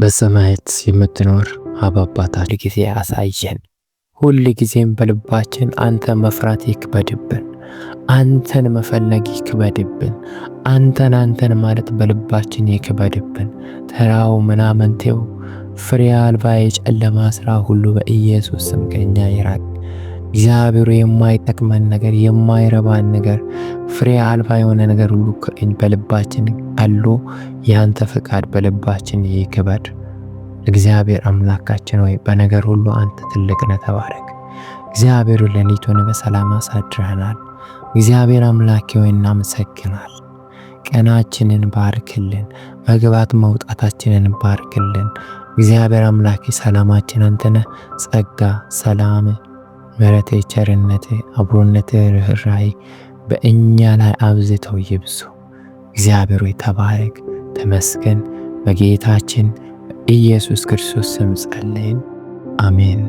በሰማያት የምትኖር አባባታ ጊዜ አሳየን። ሁል ጊዜም በልባችን አንተ መፍራት ይክበድብን፣ አንተን መፈለግ ይክበድብን፣ አንተን አንተን ማለት በልባችን ይክበድብን። ተራው ምናምንቴው ፍሬ አልባ የጨለማ ስራ ሁሉ በኢየሱስ ስም ከኛ ይራቅ። እግዚአብሔሩ የማይጠቅመን ነገር፣ የማይረባን ነገር፣ ፍሬ አልባ የሆነ ነገር ሁሉ በልባችን አሉ። ያንተ ፍቃድ በልባችን ይክበድ። እግዚአብሔር አምላካችን ሆይ በነገር ሁሉ አንተ ትልቅ ነህ፣ ተባረክ። እግዚአብሔር ሌሊቱን በሰላም አሳድረናል። እግዚአብሔር አምላክ ሆይ እናመሰግናል። ቀናችንን ባርክልን፣ መግባት መውጣታችንን ባርክልን። እግዚአብሔር አምላክ ሰላማችን አንተ ነህ። ጸጋ፣ ሰላም፣ ምሕረት፣ ቸርነት፣ አብሮነት፣ ርኅራኄ በእኛ ላይ አብዝተው ይብዙ። እግዚአብሔር ሆይ ተባረክ፣ ተመስገን። በጌታችን ኢየሱስ ክርስቶስ ስም ጸለይን፣ አሜን።